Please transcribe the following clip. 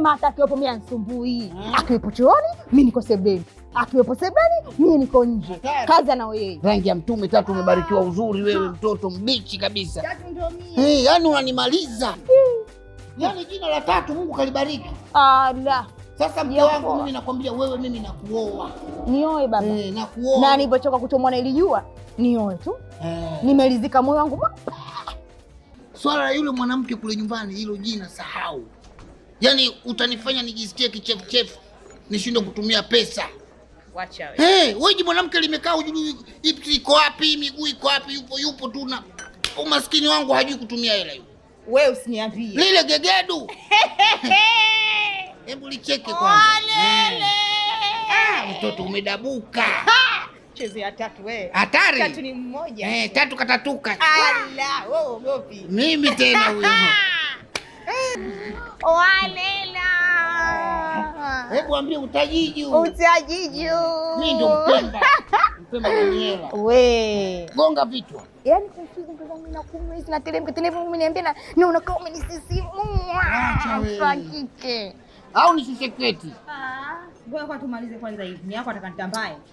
Sema hata akiwepo mi anisumbui Akiwepo chooni mi niko sebeni, akiwepo sebeni mi niko nje. kazi anao yeye. Rangi ya mtume tatu, ah. umebarikiwa uzuri wewe, ah. mtoto mbichi kabisa. Tatu Hey, yaani unanimaliza yani, jina la tatu Mungu kalibariki. Ala. Sasa mke wangu mimi nakwambia wewe, mimi nakuoa. Nioe baba. Eh, nakuoa. Na nilipochoka kutomwa na ile nioe tu. Eh. Nimelizika moyo wangu. Swala la yule mwanamke kule nyumbani, hilo jina sahau yani utanifanya nijisikie kichefuchefu, nishindwe kutumia pesa. Wacha wewe. Hey, wewe mwanamke limekaa hujui ipi iko wapi, miguu iko wapi, yupo yupo tu na umaskini wangu hajui kutumia hela hiyo. Wewe usiniambie. Lile gegedu. Hebu licheke kwanza. Hey. Hmm. Ah, mtoto umedabuka. Chezea tatu wewe. Hatari. Tatu ni mmoja. Eh, hey, tatu katatuka. Ala, wewe ogopi. Mimi tena huyo. Hebu ambie utajiju. Utajiju. Mimi ndo Mpemba. Mpemba mwenyewe. We. Gonga vichwa. Yaani kufuzu mpemba mimi na kumwe hizi na teremka teremka mimi niambia na ni unakaa umenisisimua. Acha wewe. Au ni secret? Ah, ngoja kwa tumalize kwanza hivi. Ni yako ataka nitambaye.